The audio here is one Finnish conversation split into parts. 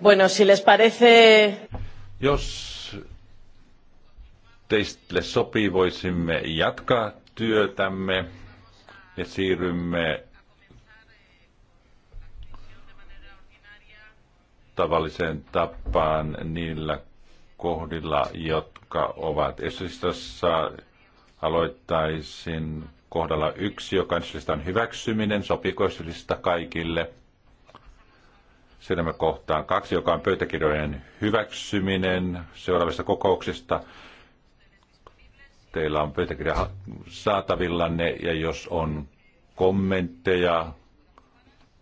Bueno, si les parece... Jos teistle sopii, voisimme jatkaa työtämme ja siirrymme tavalliseen tapaan niillä kohdilla, jotka ovat esitystossa. Aloittaisin kohdalla yksi, joka on hyväksyminen. Sopiiko kaikille? Siirrymme kohtaan kaksi, joka on pöytäkirjojen hyväksyminen seuraavista kokouksista. Teillä on pöytäkirja saatavillanne ja jos on kommentteja,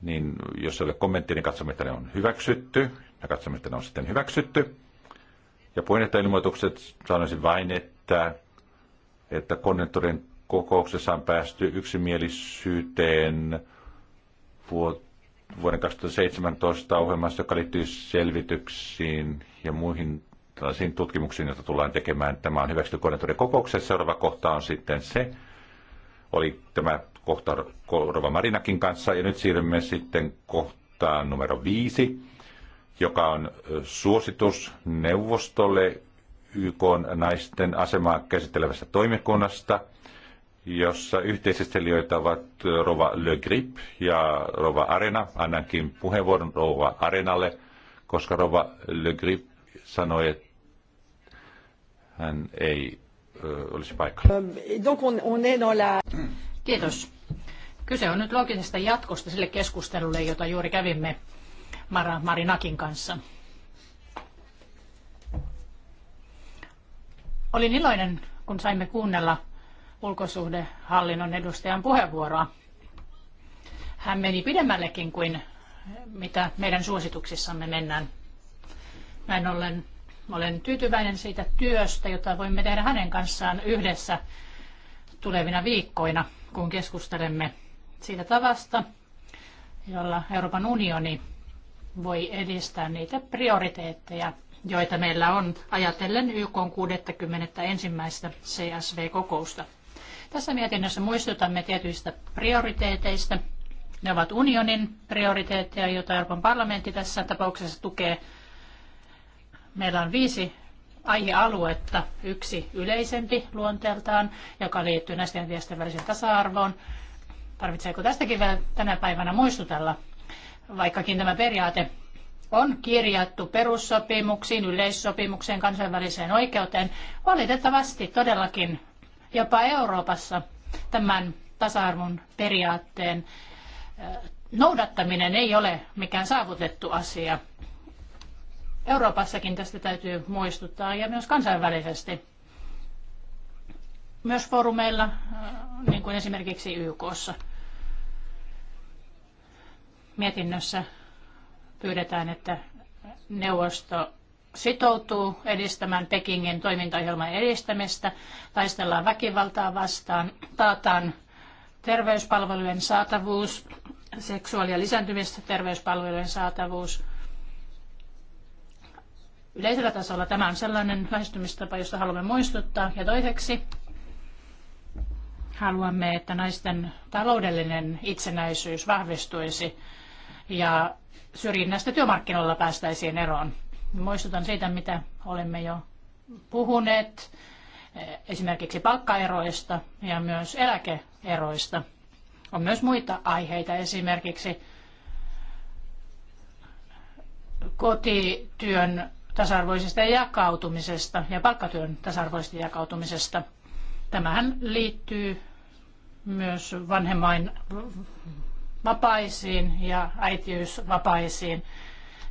niin jos ei ole kommentteja, niin katsomme, että ne on hyväksytty. Ja katsomme, että ne on sitten hyväksytty. Ja puheenjohtajailmoitukset sanoisin vain, että, että konnettorin kokouksessa on päästy yksimielisyyteen vuot vuoden 2017 ohjelmassa, joka liittyy selvityksiin ja muihin tällaisiin tutkimuksiin, joita tullaan tekemään. Tämä on hyväksytty koordinaattorin kokouksessa. Seuraava kohta on sitten se. Oli tämä kohta Rova Marinakin kanssa. Ja nyt siirrymme sitten kohtaan numero viisi, joka on suositus neuvostolle YK naisten asemaa käsittelevästä toimikunnasta – jossa yhteisestelijöitä ovat Rova Le Grip ja Rova Arena. Annankin puheenvuoron Rova Arenalle, koska Rova Le Grip sanoi, että hän ei olisi paikalla. Ähm, Kiitos. Kyse on nyt loogisesta jatkosta sille keskustelulle, jota juuri kävimme Mara Marinakin kanssa. Olin iloinen, kun saimme kuunnella ulkosuhdehallinnon edustajan puheenvuoroa. Hän meni pidemmällekin kuin mitä meidän suosituksissamme mennään. Näin ollen olen tyytyväinen siitä työstä, jota voimme tehdä hänen kanssaan yhdessä tulevina viikkoina, kun keskustelemme siitä tavasta, jolla Euroopan unioni voi edistää niitä prioriteetteja, joita meillä on ajatellen YK 61. CSV-kokousta. Tässä mietinnössä muistutamme tietyistä prioriteeteista. Ne ovat unionin prioriteetteja, joita Euroopan parlamentti tässä tapauksessa tukee. Meillä on viisi aihealuetta. Yksi yleisempi luonteeltaan, joka liittyy naisten ja miesten väliseen tasa-arvoon. Tarvitseeko tästäkin vielä tänä päivänä muistutella, vaikkakin tämä periaate on kirjattu perussopimuksiin, yleissopimukseen, kansainväliseen oikeuteen. Valitettavasti todellakin jopa Euroopassa tämän tasa-arvon periaatteen noudattaminen ei ole mikään saavutettu asia. Euroopassakin tästä täytyy muistuttaa ja myös kansainvälisesti. Myös foorumeilla, niin kuin esimerkiksi YKssa. Mietinnössä pyydetään, että neuvosto sitoutuu edistämään Pekingin toimintaohjelman edistämistä, taistellaan väkivaltaa vastaan, taataan terveyspalvelujen saatavuus, seksuaali- ja lisääntymistä terveyspalvelujen saatavuus. Yleisellä tasolla tämä on sellainen lähestymistapa, josta haluamme muistuttaa. Ja toiseksi haluamme, että naisten taloudellinen itsenäisyys vahvistuisi ja syrjinnästä työmarkkinoilla päästäisiin eroon. Muistutan siitä, mitä olemme jo puhuneet esimerkiksi palkkaeroista ja myös eläkeeroista. On myös muita aiheita, esimerkiksi kotityön tasa-arvoisesta jakautumisesta ja palkkatyön tasa-arvoisesta jakautumisesta. Tämähän liittyy myös vanhemmain vapaisiin ja äitiysvapaisiin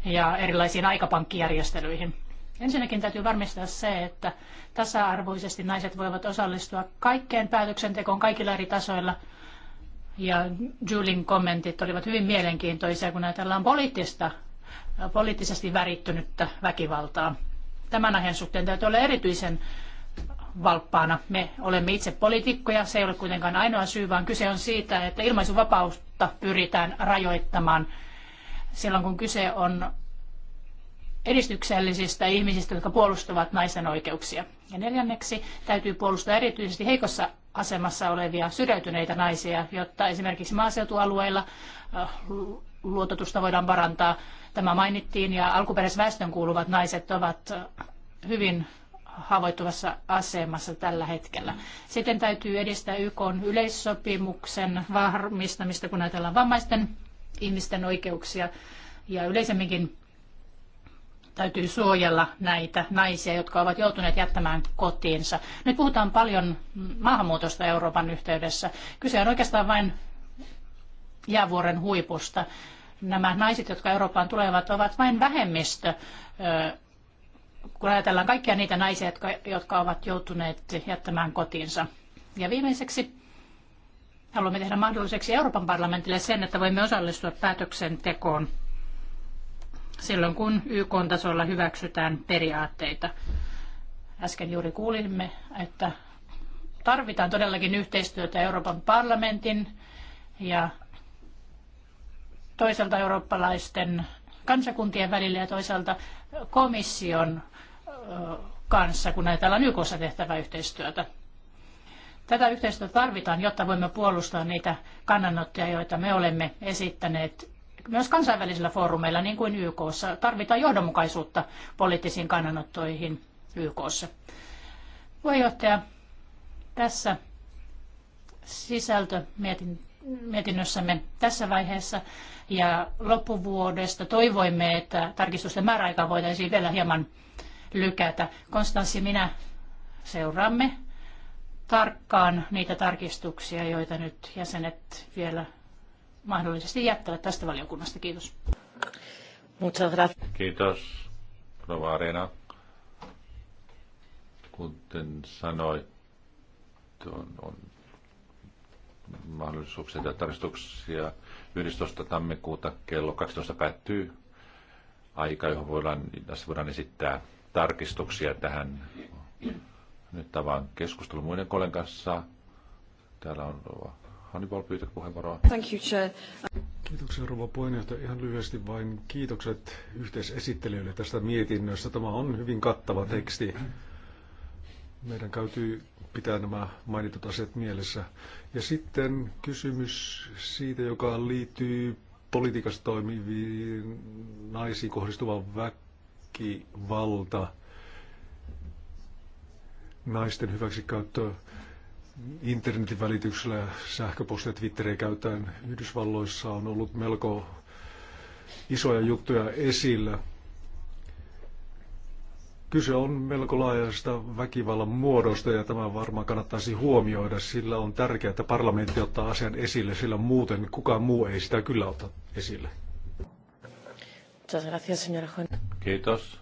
ja erilaisiin aikapankkijärjestelyihin. Ensinnäkin täytyy varmistaa se, että tasa-arvoisesti naiset voivat osallistua kaikkeen päätöksentekoon kaikilla eri tasoilla. Ja Julin kommentit olivat hyvin mielenkiintoisia, kun ajatellaan poliittista, poliittisesti värittynyttä väkivaltaa. Tämän aiheen suhteen täytyy olla erityisen valppaana. Me olemme itse poliitikkoja, se ei ole kuitenkaan ainoa syy, vaan kyse on siitä, että ilmaisuvapautta pyritään rajoittamaan – silloin, kun kyse on edistyksellisistä ihmisistä, jotka puolustavat naisen oikeuksia. Ja neljänneksi täytyy puolustaa erityisesti heikossa asemassa olevia syrjäytyneitä naisia, jotta esimerkiksi maaseutualueilla äh, luototusta voidaan parantaa. Tämä mainittiin ja alkuperäisväestön kuuluvat naiset ovat äh, hyvin haavoittuvassa asemassa tällä hetkellä. Sitten täytyy edistää YK yleissopimuksen varmistamista, kun ajatellaan vammaisten ihmisten oikeuksia ja yleisemminkin täytyy suojella näitä naisia, jotka ovat joutuneet jättämään kotiinsa. Nyt puhutaan paljon maahanmuutosta Euroopan yhteydessä. Kyse on oikeastaan vain jäävuoren huipusta. Nämä naiset, jotka Eurooppaan tulevat, ovat vain vähemmistö, kun ajatellaan kaikkia niitä naisia, jotka, jotka ovat joutuneet jättämään kotiinsa. Ja viimeiseksi Haluamme tehdä mahdolliseksi Euroopan parlamentille sen, että voimme osallistua päätöksentekoon silloin, kun YK-tasolla hyväksytään periaatteita. Äsken juuri kuulimme, että tarvitaan todellakin yhteistyötä Euroopan parlamentin ja toisaalta eurooppalaisten kansakuntien välillä ja toisaalta komission kanssa, kun ajatellaan YKssa tehtävää yhteistyötä. Tätä yhteistyötä tarvitaan, jotta voimme puolustaa niitä kannanottoja, joita me olemme esittäneet myös kansainvälisillä foorumeilla, niin kuin YKssa. Tarvitaan johdonmukaisuutta poliittisiin kannanottoihin YKssa. Puheenjohtaja, tässä sisältö mietin, mietinnössämme tässä vaiheessa ja loppuvuodesta toivoimme, että tarkistusten määräaikaa voitaisiin vielä hieman lykätä. Konstanssi, minä seuraamme tarkkaan niitä tarkistuksia, joita nyt jäsenet vielä mahdollisesti jättävät tästä valiokunnasta. Kiitos. Kiitos, Rova Arena. Kuten sanoit, on, on mahdollisuuksia ja tarkistuksia. 11. tammikuuta kello 12 päättyy aika, johon voidaan, tässä voidaan esittää tarkistuksia tähän nyt avaan keskustelun muiden kollegan kanssa. Täällä on Hannibal pyytä puheenvuoroa. Thank you, Chair. Kiitoksia rouva puheenjohtaja. Ihan lyhyesti vain kiitokset yhteisesittelijöille tästä mietinnöstä. Tämä on hyvin kattava teksti. Meidän täytyy pitää nämä mainitut asiat mielessä. Ja sitten kysymys siitä, joka liittyy politiikassa toimiviin naisiin kohdistuvan väkivalta naisten hyväksikäyttöä internetin välityksellä, sähköpostia, Twitteriä käyttäen Yhdysvalloissa on ollut melko isoja juttuja esillä. Kyse on melko laajasta väkivallan muodosta ja tämä varmaan kannattaisi huomioida. Sillä on tärkeää, että parlamentti ottaa asian esille, sillä muuten kukaan muu ei sitä kyllä ota esille. Kiitos.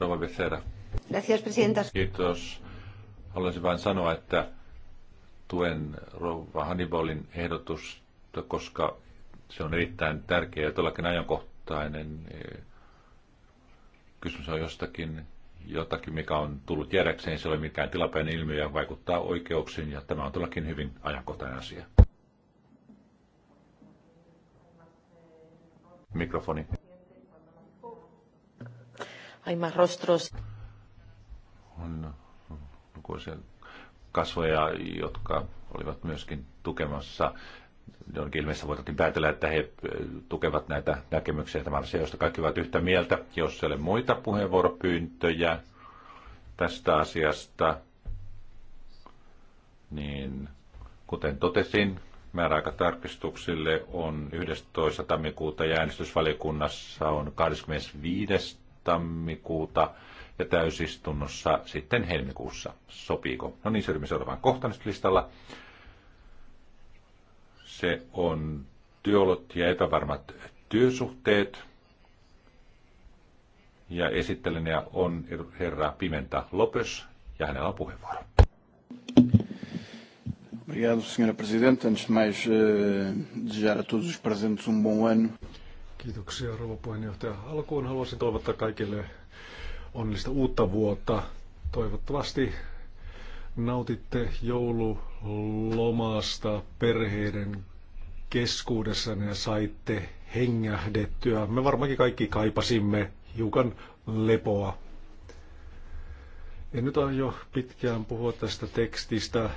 Rova Becerra. Kiitos. Haluaisin vain sanoa, että tuen rouva Hannibalin ehdotusta, koska se on erittäin tärkeä ja todellakin ajankohtainen. Kysymys on jostakin, jotakin, mikä on tullut jäädäkseen. Se ei ole mikään tilapäinen ilmiö ja vaikuttaa oikeuksiin ja tämä on todellakin hyvin ajankohtainen asia. Mikrofoni. Hay rostros on lukuisia kasvoja, jotka olivat myöskin tukemassa jonkin ilmeisesti voitakin päätellä, että he tukevat näitä näkemyksiä tämän asian, josta kaikki ovat yhtä mieltä. Jos ei ole muita puheenvuoropyyntöjä tästä asiasta, niin kuten totesin, määräaikatarkistuksille on 11. tammikuuta ja äänestysvaliokunnassa on 25. tammikuuta ja täysistunnossa sitten helmikuussa. Sopiiko? No niin, siirrymme seuraavaan kohtaamislistalla. Se on työolot ja epävarmat työsuhteet. Ja esittelenä on herra Pimenta Lopes ja hänellä on puheenvuoro. Obrigado, Sra. Presidente. Antes de mais, eh, desejar a todos os presentes um bom ano. Kiitoksia, rouva puheenjohtaja. Alkuun haluaisin toivottaa kaikille onnellista uutta vuotta. Toivottavasti nautitte joululomasta perheiden keskuudessa ja saitte hengähdettyä. Me varmaankin kaikki kaipasimme hiukan lepoa. En nyt jo pitkään puhua tästä tekstistä.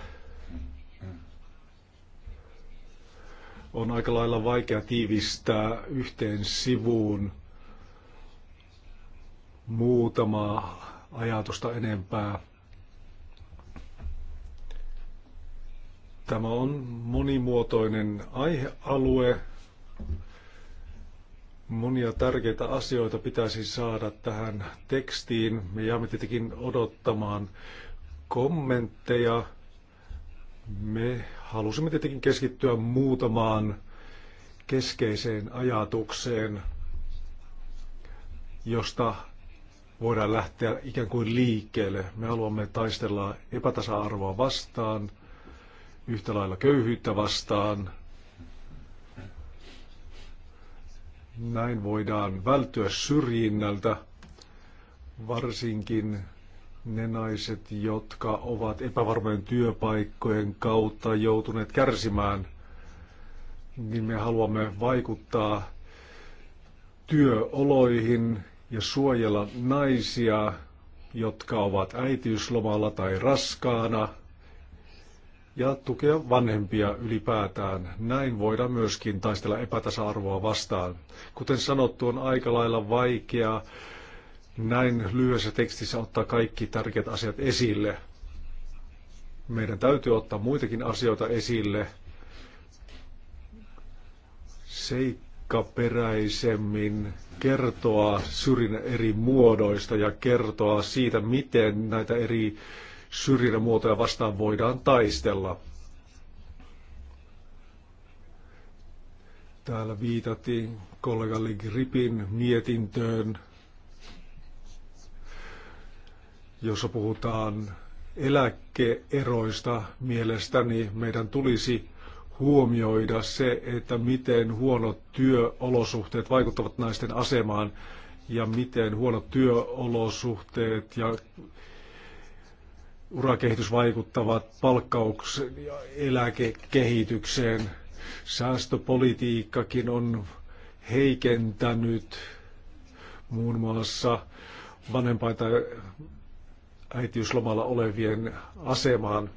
On aika lailla vaikea tiivistää yhteen sivuun muutamaa ajatusta enempää. Tämä on monimuotoinen aihealue. Monia tärkeitä asioita pitäisi saada tähän tekstiin. Me jäämme tietenkin odottamaan kommentteja. Me halusimme tietenkin keskittyä muutamaan keskeiseen ajatukseen, josta voidaan lähteä ikään kuin liikkeelle. Me haluamme taistella epätasa-arvoa vastaan, yhtä lailla köyhyyttä vastaan. Näin voidaan välttyä syrjinnältä, varsinkin ne naiset, jotka ovat epävarmojen työpaikkojen kautta joutuneet kärsimään, niin me haluamme vaikuttaa työoloihin ja suojella naisia, jotka ovat äitiyslomalla tai raskaana ja tukea vanhempia ylipäätään. Näin voidaan myöskin taistella epätasa-arvoa vastaan. Kuten sanottu, on aika lailla vaikea näin lyhyessä tekstissä ottaa kaikki tärkeät asiat esille. Meidän täytyy ottaa muitakin asioita esille. Seikka seikkaperäisemmin kertoa syrjinnän eri muodoista ja kertoa siitä, miten näitä eri syrjinnän muotoja vastaan voidaan taistella. Täällä viitattiin kollega Gripin mietintöön, jossa puhutaan eläkkeeroista. Mielestäni meidän tulisi huomioida se, että miten huonot työolosuhteet vaikuttavat naisten asemaan ja miten huonot työolosuhteet ja urakehitys vaikuttavat palkkaukseen ja eläkekehitykseen. Säästöpolitiikkakin on heikentänyt muun muassa vanhempain- tai äitiyslomalla olevien asemaan –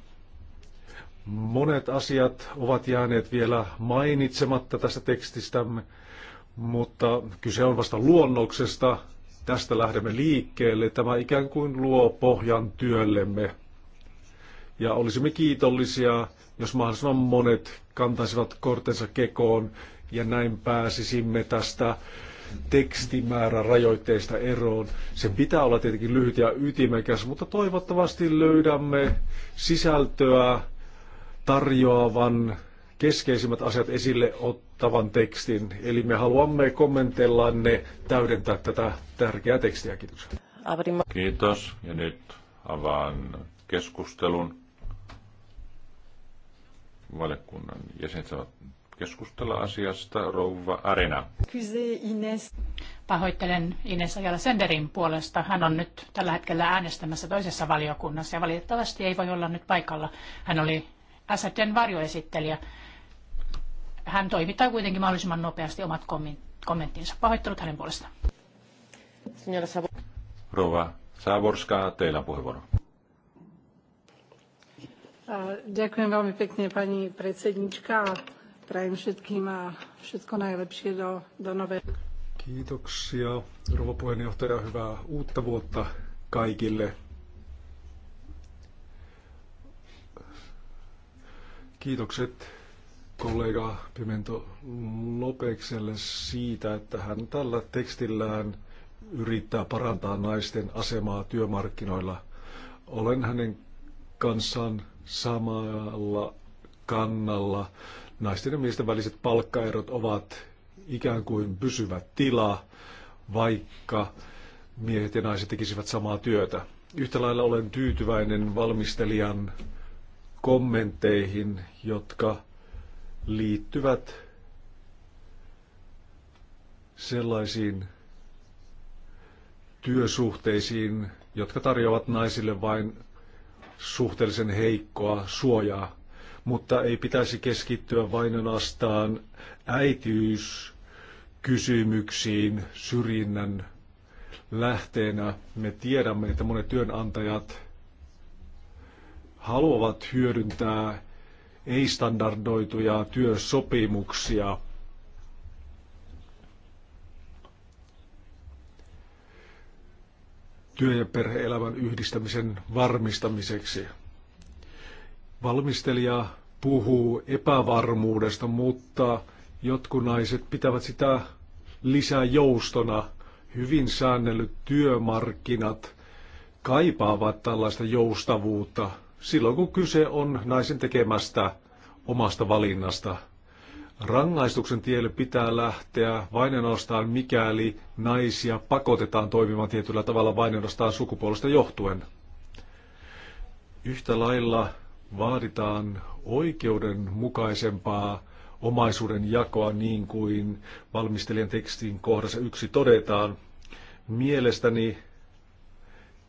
Monet asiat ovat jääneet vielä mainitsematta tästä tekstistämme, mutta kyse on vasta luonnoksesta. Tästä lähdemme liikkeelle. Tämä ikään kuin luo pohjan työllemme. Ja olisimme kiitollisia, jos mahdollisimman monet kantaisivat kortensa kekoon ja näin pääsisimme tästä tekstimäärän rajoitteista eroon. Sen pitää olla tietenkin lyhyt ja ytimekäs, mutta toivottavasti löydämme sisältöä tarjoavan keskeisimmät asiat esille ottavan tekstin. Eli me haluamme ne täydentää tätä tärkeää tekstiä. Kiitos. Kiitos. Ja nyt avaan keskustelun. Valiokunnan jäsenet saavat keskustella asiasta. Rouva Arena. Kyse Ines. Pahoittelen Ines Ajala Senderin puolesta. Hän on nyt tällä hetkellä äänestämässä toisessa valiokunnassa ja valitettavasti ei voi olla nyt paikalla. Hän oli SFDn varjoesittelijä. Hän toimittaa kuitenkin mahdollisimman nopeasti omat kommenttinsa. Pahoittelut hänen puolestaan. Rouva Sáborská, teillä on puheenvuoro. Dziękuję bardzo pięknie pani predsednička. Prajem wszystkim a wszystko najlepsze do, do nového. Kiitoksia, rouva puheenjohtaja. Hyvää uutta vuotta kaikille. Kiitokset kollega Pimento Lopekselle siitä, että hän tällä tekstillään yrittää parantaa naisten asemaa työmarkkinoilla. Olen hänen kanssaan samalla kannalla. Naisten ja miesten väliset palkkaerot ovat ikään kuin pysyvä tila, vaikka miehet ja naiset tekisivät samaa työtä. Yhtä lailla olen tyytyväinen valmistelijan kommentteihin, jotka liittyvät sellaisiin työsuhteisiin, jotka tarjoavat naisille vain suhteellisen heikkoa suojaa, mutta ei pitäisi keskittyä vain ainoastaan äitiyskysymyksiin syrjinnän lähteenä. Me tiedämme, että monet työnantajat haluavat hyödyntää ei-standardoituja työsopimuksia. työ- ja perhe-elämän yhdistämisen varmistamiseksi. Valmistelija puhuu epävarmuudesta, mutta jotkut naiset pitävät sitä lisää joustona. Hyvin säännellyt työmarkkinat kaipaavat tällaista joustavuutta – silloin kun kyse on naisen tekemästä omasta valinnasta. Rangaistuksen tielle pitää lähteä vain ainoastaan mikäli naisia pakotetaan toimimaan tietyllä tavalla vain ainoastaan sukupuolesta johtuen. Yhtä lailla vaaditaan oikeudenmukaisempaa omaisuuden jakoa niin kuin valmistelijan tekstin kohdassa yksi todetaan. Mielestäni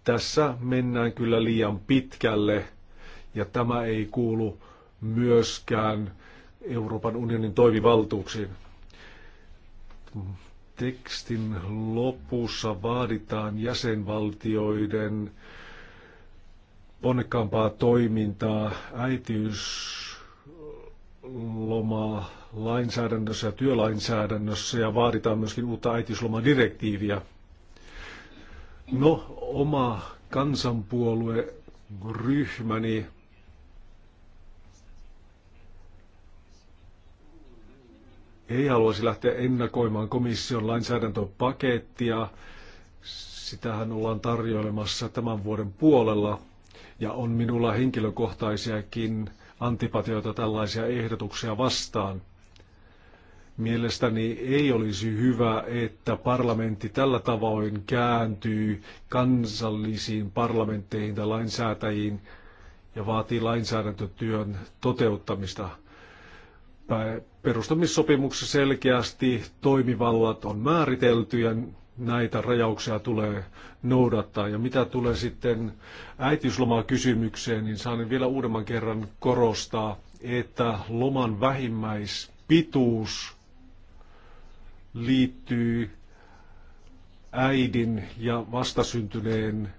tässä mennään kyllä liian pitkälle ja tämä ei kuulu myöskään Euroopan unionin toimivaltuuksiin. Tekstin lopussa vaaditaan jäsenvaltioiden ponnekkaampaa toimintaa äitiyslomaa lainsäädännössä ja työlainsäädännössä ja vaaditaan myöskin uutta äitiyslomadirektiiviä. No, oma kansanpuolue ryhmäni ei haluaisi lähteä ennakoimaan komission lainsäädäntöpakettia. Sitähän ollaan tarjoilemassa tämän vuoden puolella ja on minulla henkilökohtaisiakin antipatioita tällaisia ehdotuksia vastaan. Mielestäni ei olisi hyvä, että parlamentti tällä tavoin kääntyy kansallisiin parlamentteihin tai lainsäätäjiin ja vaatii lainsäädäntötyön toteuttamista perustamissopimuksessa selkeästi toimivallat on määritelty ja näitä rajauksia tulee noudattaa. Ja mitä tulee sitten äitiyslomaa kysymykseen, niin saan vielä uudemman kerran korostaa, että loman vähimmäispituus liittyy äidin ja vastasyntyneen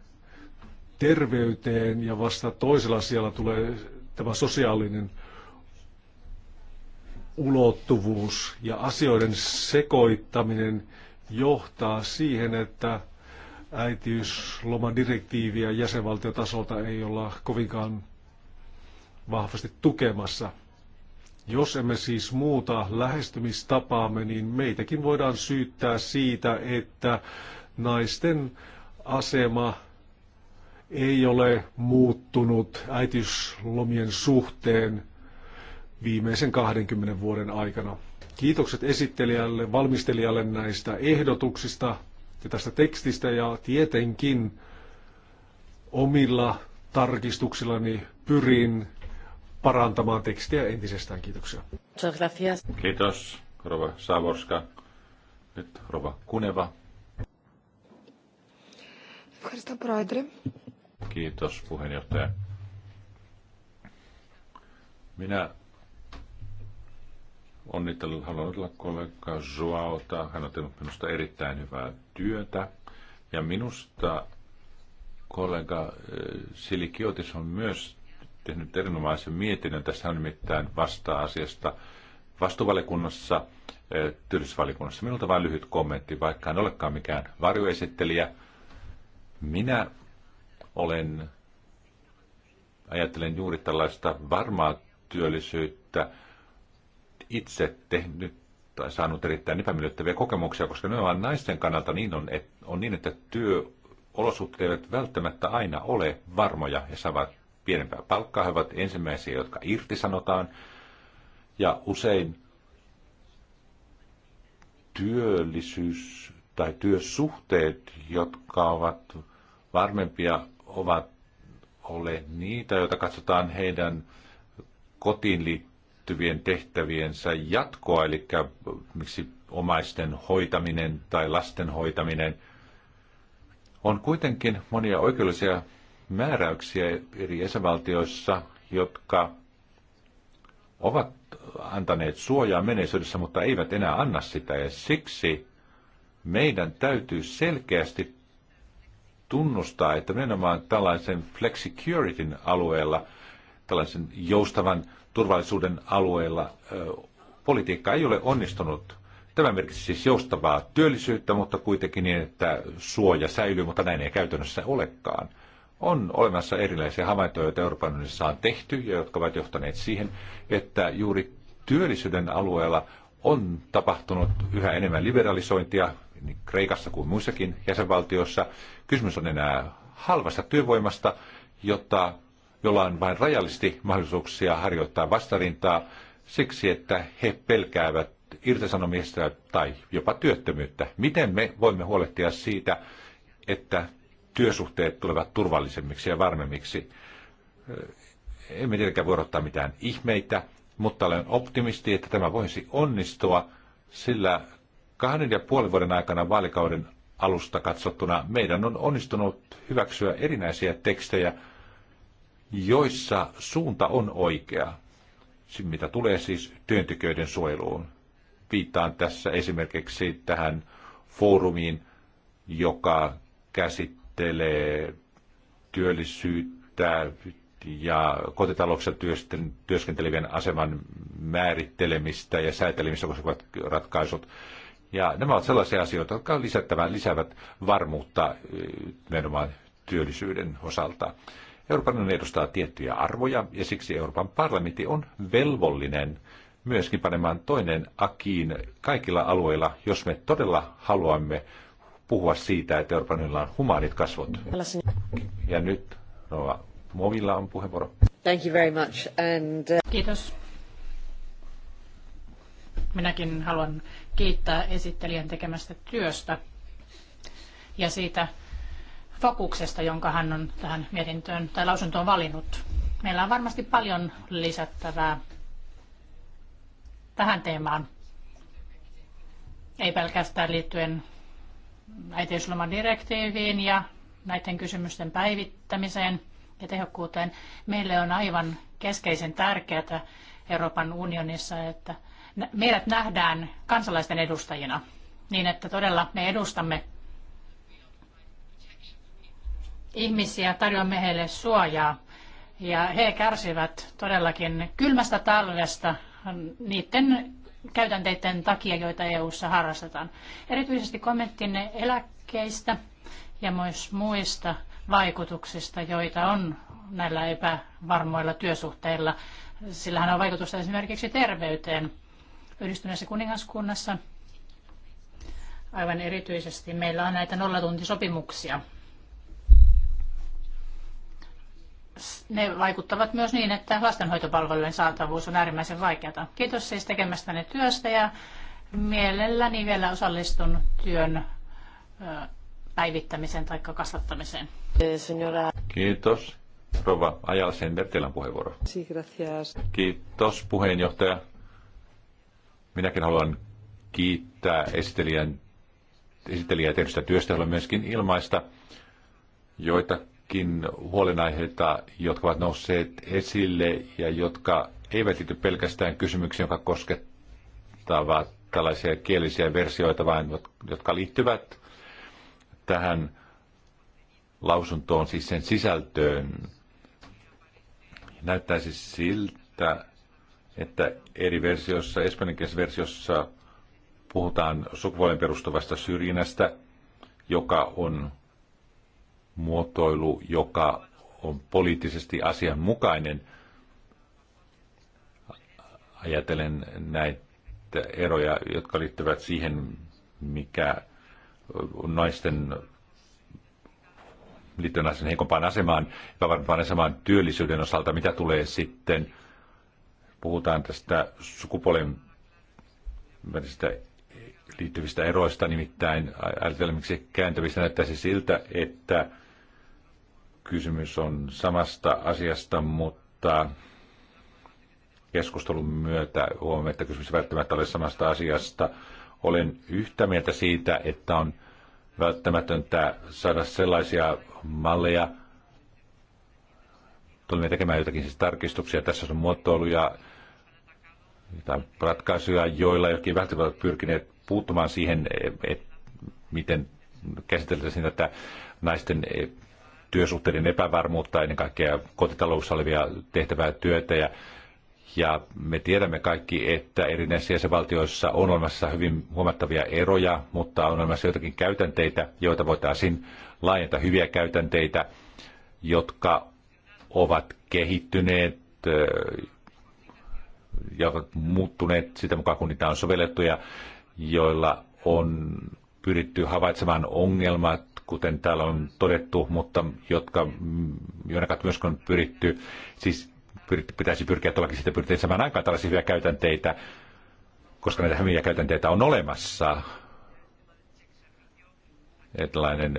terveyteen ja vasta toisella siellä tulee tämä sosiaalinen ulottuvuus ja asioiden sekoittaminen johtaa siihen, että äitiyslomadirektiiviä jäsenvaltiotasolta ei olla kovinkaan vahvasti tukemassa. Jos emme siis muuta lähestymistapaamme, niin meitäkin voidaan syyttää siitä, että naisten asema ei ole muuttunut äitiyslomien suhteen – viimeisen 20 vuoden aikana. Kiitokset esittelijälle, valmistelijalle näistä ehdotuksista ja tästä tekstistä ja tietenkin omilla tarkistuksillani pyrin parantamaan tekstiä entisestään. Kiitoksia. Kiitos, Rova Savorska. Nyt Rova Kuneva. Kiitos, puheenjohtaja. Minä Onnittelu, haluan onnitella kollega Joaota. Hän on tehnyt minusta erittäin hyvää työtä. Ja minusta kollega eh, Sili Kiotis on myös tehnyt erinomaisen mietinnön. Tässä on nimittäin vasta-asiasta vastuvalikunnassa, eh, työllisvalikunnassa. Minulta vain lyhyt kommentti, vaikka en olekaan mikään varjoesittelijä. Minä olen, ajattelen juuri tällaista varmaa työllisyyttä, itse tehnyt tai saanut erittäin epämiellyttäviä kokemuksia, koska nimenomaan naisten kannalta niin on, että, on niin, että työolosuhteet eivät välttämättä aina ole varmoja ja saavat pienempää palkkaa. He ovat ensimmäisiä, jotka irtisanotaan ja usein työllisyys tai työsuhteet, jotka ovat varmempia, ovat ole niitä, joita katsotaan heidän kotiin liittyen liittyvien tehtäviensä jatkoa, eli miksi omaisten hoitaminen tai lasten hoitaminen. On kuitenkin monia oikeudellisia määräyksiä eri esävaltioissa, jotka ovat antaneet suojaa menneisyydessä, mutta eivät enää anna sitä. Ja siksi meidän täytyy selkeästi tunnustaa, että nimenomaan tällaisen flexicuritin alueella, tällaisen joustavan turvallisuuden alueella politiikka ei ole onnistunut. Tämä merkitsee siis joustavaa työllisyyttä, mutta kuitenkin niin, että suoja säilyy, mutta näin ei käytännössä olekaan. On olemassa erilaisia havaintoja, joita Euroopan unionissa on tehty ja jotka ovat johtaneet siihen, että juuri työllisyyden alueella on tapahtunut yhä enemmän liberalisointia niin Kreikassa kuin muissakin jäsenvaltioissa. Kysymys on enää halvasta työvoimasta, jota jolla on vain rajallisesti mahdollisuuksia harjoittaa vastarintaa siksi, että he pelkäävät irtisanomista tai jopa työttömyyttä. Miten me voimme huolehtia siitä, että työsuhteet tulevat turvallisemmiksi ja varmemmiksi? Emme tietenkään voi odottaa mitään ihmeitä, mutta olen optimisti, että tämä voisi onnistua, sillä kahden ja puolen vuoden aikana vaalikauden alusta katsottuna meidän on onnistunut hyväksyä erinäisiä tekstejä, joissa suunta on oikea, mitä tulee siis työntekijöiden suojeluun. Viittaan tässä esimerkiksi tähän foorumiin, joka käsittelee työllisyyttä ja kotitalouksessa työskentelevien aseman määrittelemistä ja säätelemistä koskevat ratkaisut. Ja nämä ovat sellaisia asioita, jotka on lisäävät varmuutta eh, nimenomaan työllisyyden osalta. Euroopan unioni edustaa tiettyjä arvoja ja siksi Euroopan parlamentti on velvollinen myöskin panemaan toinen akiin kaikilla alueilla, jos me todella haluamme puhua siitä, että Euroopan unionilla on humaanit kasvot. Ja nyt Rova Movilla on puheenvuoro. Thank you very much. And, uh... Kiitos. Minäkin haluan kiittää esittelijän tekemästä työstä ja siitä fokuksesta, jonka hän on tähän mietintöön tai lausuntoon valinnut. Meillä on varmasti paljon lisättävää tähän teemaan. Ei pelkästään liittyen direktiiviin ja näiden kysymysten päivittämiseen ja tehokkuuteen. Meille on aivan keskeisen tärkeää Euroopan unionissa, että meidät nähdään kansalaisten edustajina niin, että todella me edustamme ihmisiä, tarjoamme heille suojaa. Ja he kärsivät todellakin kylmästä talvesta niiden käytänteiden takia, joita EU-ssa harrastetaan. Erityisesti kommenttinne eläkkeistä ja myös muista vaikutuksista, joita on näillä epävarmoilla työsuhteilla. Sillähän on vaikutusta esimerkiksi terveyteen. Yhdistyneessä kuningaskunnassa aivan erityisesti meillä on näitä nollatuntisopimuksia – ne vaikuttavat myös niin, että lastenhoitopalvelujen saatavuus on äärimmäisen vaikeata. Kiitos siis tekemästäne työstä ja mielelläni vielä osallistun työn päivittämiseen tai kasvattamiseen. Kiitos. Rova Ajal Sender, teillä on puheenvuoro. Kiitos puheenjohtaja. Minäkin haluan kiittää esittelijän, esittelijää tehdystä työstä, haluan myöskin ilmaista joita joitakin huolenaiheita, jotka ovat nousseet esille ja jotka eivät liity pelkästään kysymyksiin, jotka koskettavat tällaisia kielisiä versioita, vaan jotka liittyvät tähän lausuntoon, siis sen sisältöön. Näyttäisi siltä, että eri versiossa, espanjankielisessä versiossa puhutaan sukupuolen perustuvasta syrjinnästä, joka on muotoilu, joka on poliittisesti asianmukainen. Ajatelen näitä eroja, jotka liittyvät siihen, mikä naisten liittyen naisen heikompaan asemaan, epävarmpaan asemaan työllisyyden osalta, mitä tulee sitten, puhutaan tästä sukupuolen välistä liittyvistä eroista, nimittäin miksi kääntävistä näyttäisi siltä, että kysymys on samasta asiasta, mutta keskustelun myötä huomioon, että kysymys välttämättä ole samasta asiasta. Olen yhtä mieltä siitä, että on välttämätöntä saada sellaisia malleja, tulemme tekemään jotakin siis tarkistuksia, tässä on muotoiluja, jotain ratkaisuja, joilla jokin välttämättä ovat pyrkineet puuttumaan siihen, että miten käsiteltäisiin tätä naisten työsuhteiden epävarmuutta, ennen kaikkea kotitalouksissa olevia tehtävää työtä ja ja me tiedämme kaikki, että erinäisissä jäsenvaltioissa on olemassa hyvin huomattavia eroja, mutta on olemassa jotakin käytänteitä, joita voitaisiin laajentaa, hyviä käytänteitä, jotka ovat kehittyneet ja ovat muuttuneet sitä mukaan, kun niitä on sovellettu ja joilla on pyritty havaitsemaan ongelmat kuten täällä on todettu, mutta jotka, mm, joiden kautta myös on pyritty, siis pitäisi pyrkiä tuollakin sitä pyrkiä samaan aikaan tällaisia hyviä käytänteitä, koska näitä hyviä käytänteitä on olemassa. Tällainen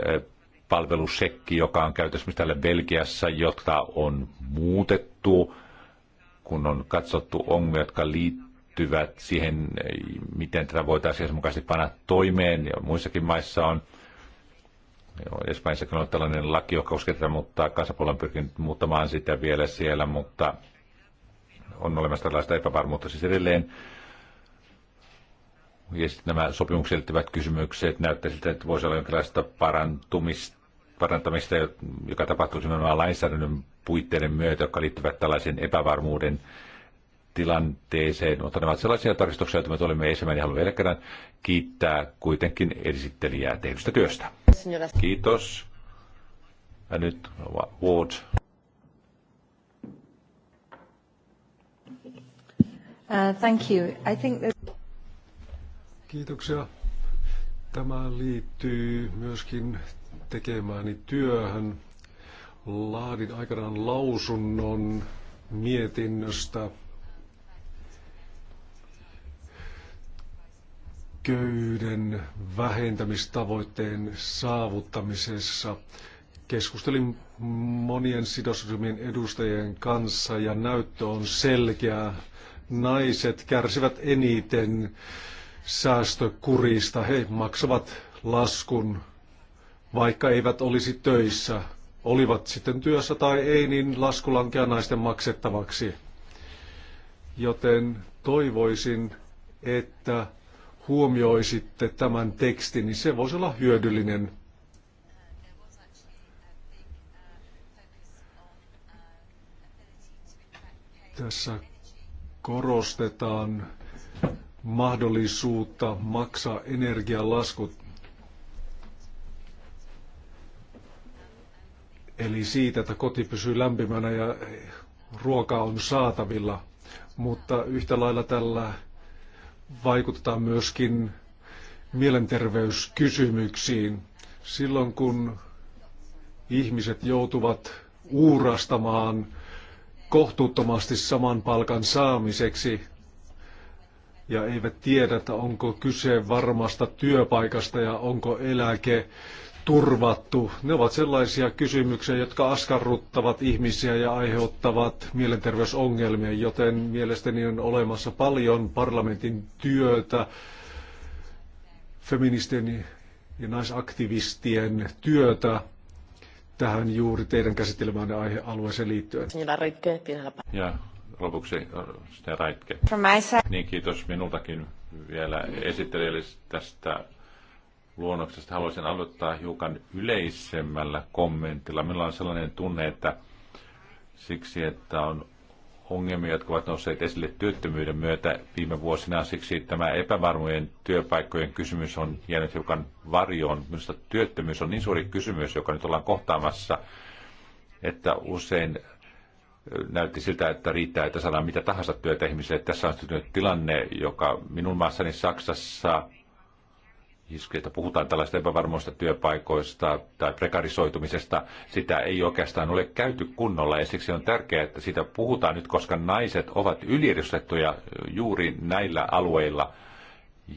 palvelusekki, joka on käytössä täällä Belgiassa, jota on muutettu, kun on katsottu ongelmia, jotka liittyvät siihen, miten tätä voitaisiin mukaisesti panna toimeen. Ja muissakin maissa on Espanjassakin on tällainen laki, joka kosketaan, mutta kansapuolella on pyrkinyt muuttamaan sitä vielä siellä, mutta on olemassa tällaista epävarmuutta siis edelleen. Ja sitten nämä sopimukset liittyvät kysymykset näyttää siltä, että voisi olla jonkinlaista parantumista, parantamista, joka tapahtuu nimenomaan lainsäädännön puitteiden myötä, jotka liittyvät tällaisen epävarmuuden tilanteeseen. Mutta nämä ovat sellaisia tarkistuksia, joita me olemme esimerkiksi Haluan vielä kerran kiittää kuitenkin esittelijää tehdystä työstä. Kiitos. Ja nyt Ward. Uh, thank you. I think that... Kiitoksia. Tämä liittyy myöskin tekemääni työhön. Laadin aikanaan lausunnon mietinnöstä köyden vähentämistavoitteen saavuttamisessa. Keskustelin monien sidosryhmien edustajien kanssa ja näyttö on selkeä. Naiset kärsivät eniten säästökurista. He maksavat laskun, vaikka eivät olisi töissä. Olivat sitten työssä tai ei, niin lasku lankeaa naisten maksettavaksi. Joten toivoisin, että huomioisitte tämän tekstin, niin se voisi olla hyödyllinen. Tässä korostetaan mahdollisuutta maksaa energialaskut. Eli siitä, että koti pysyy lämpimänä ja ruoka on saatavilla. Mutta yhtä lailla tällä vaikutetaan myöskin mielenterveyskysymyksiin. Silloin kun ihmiset joutuvat uurastamaan kohtuuttomasti saman palkan saamiseksi ja eivät tiedä, että onko kyse varmasta työpaikasta ja onko eläke turvattu. Ne ovat sellaisia kysymyksiä, jotka askarruttavat ihmisiä ja aiheuttavat mielenterveysongelmia, joten mielestäni on olemassa paljon parlamentin työtä, feministien ja naisaktivistien työtä tähän juuri teidän käsittelemään aihealueeseen liittyen. Ja lopuksi Sten äh, Raitke. Niin kiitos minultakin vielä esittelijälle tästä luonnoksesta. Haluaisin aloittaa hiukan yleisemmällä kommentilla. Meillä on sellainen tunne, että siksi, että on ongelmia, jotka ovat nousseet esille työttömyyden myötä viime vuosina. Siksi tämä epävarmojen työpaikkojen kysymys on jäänyt hiukan varjoon. Minusta työttömyys on niin suuri kysymys, joka nyt ollaan kohtaamassa, että usein näytti siltä, että riittää, että saadaan mitä tahansa työtä ihmisille. Tässä on syntynyt tilanne, joka minun maassani Saksassa että puhutaan tällaista epävarmoista työpaikoista tai prekarisoitumisesta, sitä ei oikeastaan ole käyty kunnolla ja siksi on tärkeää, että sitä puhutaan nyt, koska naiset ovat yliedustettuja juuri näillä alueilla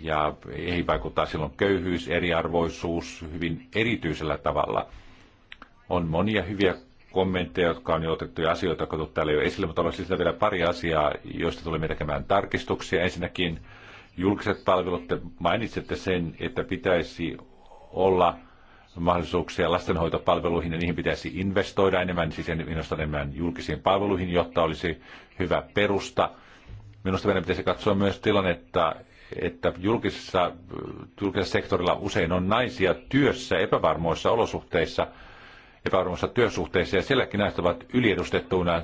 ja ei vaikuttaa silloin köyhyys, eriarvoisuus hyvin erityisellä tavalla. On monia hyviä kommentteja, jotka on jo otettu ja asioita, jotka täällä jo esille, mutta olisi vielä pari asiaa, joista tulee tekemään tarkistuksia. Ensinnäkin julkiset palvelut, te mainitsette sen, että pitäisi olla mahdollisuuksia lastenhoitopalveluihin ja niihin pitäisi investoida enemmän, siis investoida enemmän julkisiin palveluihin, jotta olisi hyvä perusta. Minusta meidän pitäisi katsoa myös tilannetta, että julkisessa, julkisessa sektorilla usein on naisia työssä epävarmoissa olosuhteissa, epävarmoissa työsuhteissa ja sielläkin naiset ovat yliedustettuina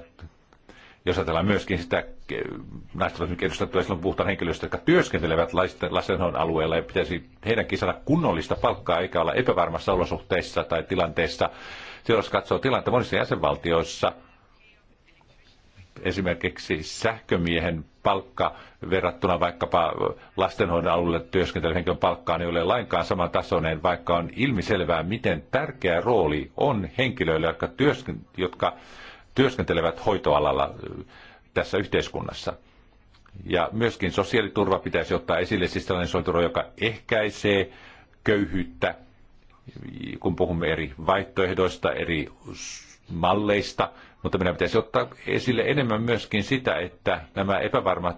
jos ajatellaan myöskin sitä naisten edustettua silloin puhutaan henkilöistä, jotka työskentelevät lastenhoidon alueella ja pitäisi heidänkin saada kunnollista palkkaa eikä olla epävarmassa olosuhteissa tai tilanteessa. Silloin jos katsoo tilannetta monissa jäsenvaltioissa, esimerkiksi sähkömiehen palkka verrattuna vaikkapa lastenhoidon alueelle työskentelevän henkilön palkkaan ei ole lainkaan samantasoinen, vaikka on ilmiselvää, miten tärkeä rooli on henkilöillä, jotka, työsken- jotka työskentelevät hoitoalalla tässä yhteiskunnassa. Ja myöskin sosiaaliturva pitäisi ottaa esille, siis tällainen sosiaaliturva, joka ehkäisee köyhyyttä, kun puhumme eri vaihtoehdoista, eri malleista, mutta meidän pitäisi ottaa esille enemmän myöskin sitä, että nämä epävarmat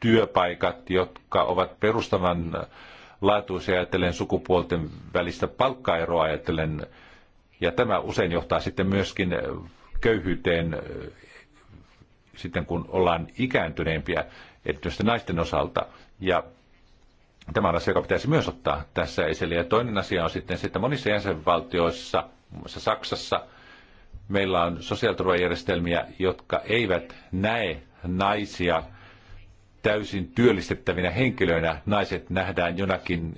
työpaikat, jotka ovat perustavan laatuisia ajatellen sukupuolten välistä palkkaeroa ajatellen, ja tämä usein johtaa sitten myöskin köyhyyteen sitten kun ollaan ikääntyneempiä, erityisesti naisten osalta. Ja tämä on asia, joka pitäisi myös ottaa tässä esille. Ja toinen asia on sitten se, että monissa jäsenvaltioissa, muun muassa Saksassa, meillä on sosiaaliturvajärjestelmiä, jotka eivät näe naisia – täysin työllistettävinä henkilöinä naiset nähdään jonakin,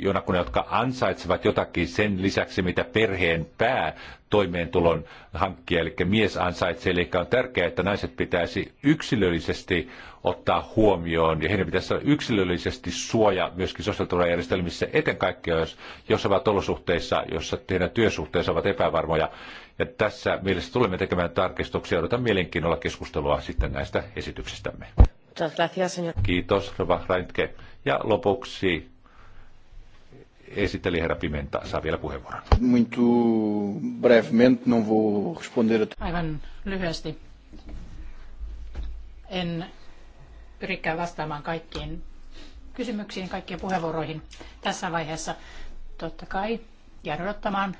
jonakin, jotka ansaitsevat jotakin sen lisäksi, mitä perheen pää toimeentulon hankkia, eli mies ansaitsee. Eli on tärkeää, että naiset pitäisi yksilöllisesti ottaa huomioon, ja heidän pitäisi olla yksilöllisesti suoja myöskin sosiaaliturvajärjestelmissä, eten kaikkea, jos, jos ovat olosuhteissa, jossa heidän työsuhteensa ovat epävarmoja. Ja tässä mielessä tulemme tekemään tarkistuksia. Odotan mielenkiinnolla keskustelua sitten näistä esityksistämme. Kiitos, Rova Reintke. Ja lopuksi esitteli herra Pimenta saa vielä puheenvuoron. Muito brevemente, non vou responder. Aivan lyhyesti. En pyrikään vastaamaan kaikkiin kysymyksiin, kaikkiin puheenvuoroihin tässä vaiheessa. Totta kai jään odottamaan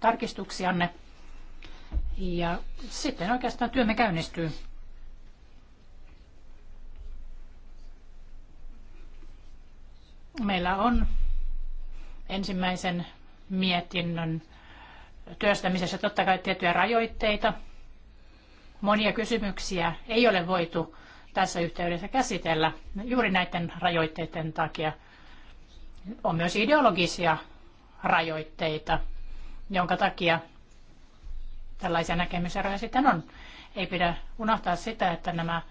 tarkistuksianne. Ja sitten oikeastaan työmme käynnistyy. Meillä on ensimmäisen mietinnön työstämisessä totta kai tiettyjä rajoitteita. Monia kysymyksiä ei ole voitu tässä yhteydessä käsitellä juuri näiden rajoitteiden takia. On myös ideologisia rajoitteita, jonka takia tällaisia näkemyseroja sitten on. Ei pidä unohtaa sitä, että nämä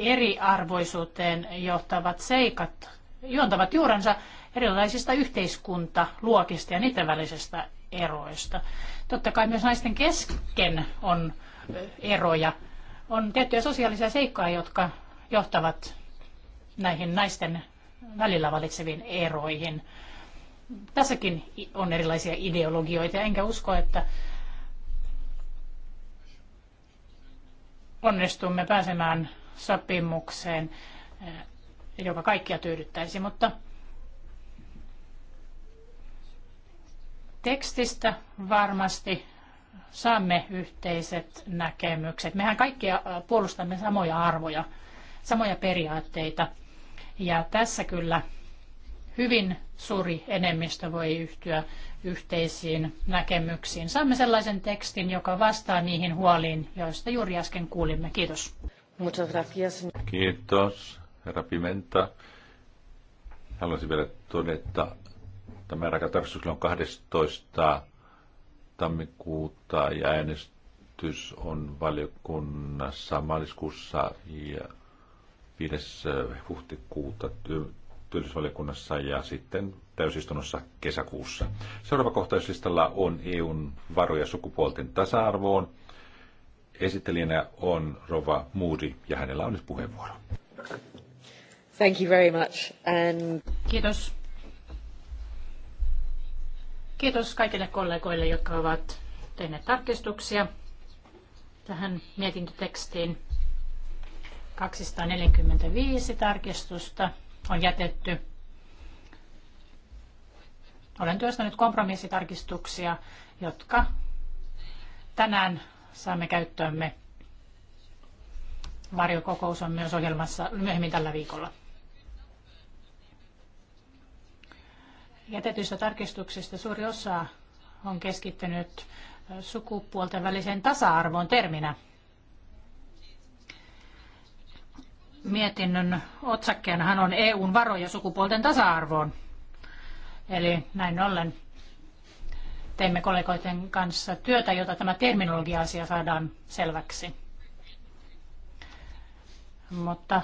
eriarvoisuuteen johtavat seikat juontavat juurensa erilaisista yhteiskuntaluokista ja niiden välisestä eroista. Totta kai myös naisten kesken on eroja. On tiettyjä sosiaalisia seikkoja, jotka johtavat näihin naisten välillä valitseviin eroihin. Tässäkin on erilaisia ideologioita, enkä usko, että onnistumme pääsemään sopimukseen, eh, joka kaikkia tyydyttäisi, mutta tekstistä varmasti saamme yhteiset näkemykset. Mehän kaikki eh, puolustamme samoja arvoja, samoja periaatteita. Ja tässä kyllä hyvin suuri enemmistö voi yhtyä yhteisiin näkemyksiin. Saamme sellaisen tekstin, joka vastaa niihin huoliin, joista juuri äsken kuulimme. Kiitos. Muchas gracias. Kiitos, herra Pimenta. Haluaisin vielä todeta, että määräaikatarkistuksella on 12. tammikuuta ja äänestys on valiokunnassa maaliskuussa ja 5. huhtikuuta työllisyysvaliokunnassa ja sitten täysistunnossa kesäkuussa. Seuraava kohtaislistalla on EUn varoja sukupuolten tasa-arvoon. Esittelijänä on Rova Moody ja hänellä on nyt puheenvuoro. Thank you very much. And... Kiitos. Kiitos kaikille kollegoille, jotka ovat tehneet tarkistuksia tähän mietintötekstiin. 245 tarkistusta on jätetty. Olen työstänyt kompromissitarkistuksia, jotka tänään saamme käyttöömme. Varjokokous on myös ohjelmassa myöhemmin tällä viikolla. Jätetyistä tarkistuksista suuri osa on keskittynyt sukupuolten väliseen tasa-arvoon terminä. Mietinnön otsakkeenahan on EUn varoja sukupuolten tasa-arvoon. Eli näin ollen teemme kollegoiden kanssa työtä, jotta tämä terminologia-asia saadaan selväksi. Mutta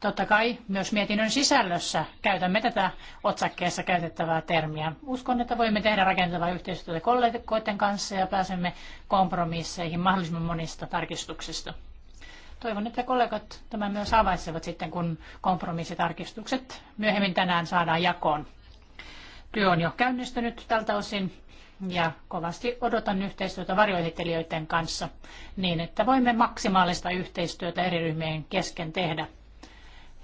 totta kai myös mietinnön sisällössä käytämme tätä otsakkeessa käytettävää termiä. Uskon, että voimme tehdä rakentavaa yhteistyötä kollegoiden kanssa ja pääsemme kompromisseihin mahdollisimman monista tarkistuksista. Toivon, että kollegat tämän myös havaitsevat sitten, kun kompromissitarkistukset myöhemmin tänään saadaan jakoon. Työ on jo käynnistynyt tältä osin ja kovasti odotan yhteistyötä varjoesittelijöiden kanssa niin, että voimme maksimaalista yhteistyötä eri ryhmien kesken tehdä.